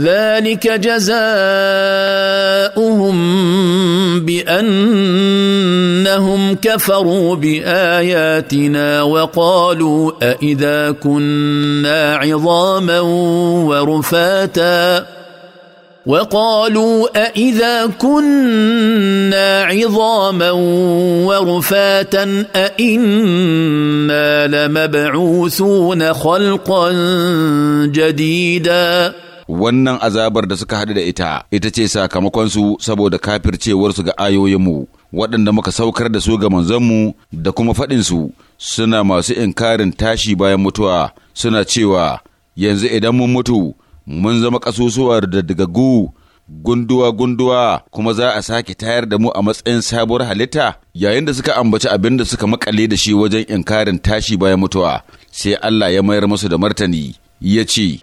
ذلك جزاؤهم بانهم كفروا باياتنا وقالوا أإذا كنا عظاما ورفاتا وقالوا أإذا كنا عظاما ورفاتا أإنا لمبعوثون خلقا جديدا wannan azabar da suka haɗu da ita ita ce sakamakon su saboda kafircewarsu ga ayoyinmu waɗanda muka saukar da su ga manzanmu da kuma faɗinsu suna masu inkarin tashi bayan mutuwa suna cewa yanzu idan mun mutu mun zama ƙasusuwa da daga gu gunduwa-gunduwa kuma za a sake tayar da mu a matsayin sabuwar halitta yayin da suka ambaci abin da suka makale da shi wajen inkarin tashi bayan mutuwa sai Allah ya mayar musu da martani ya ce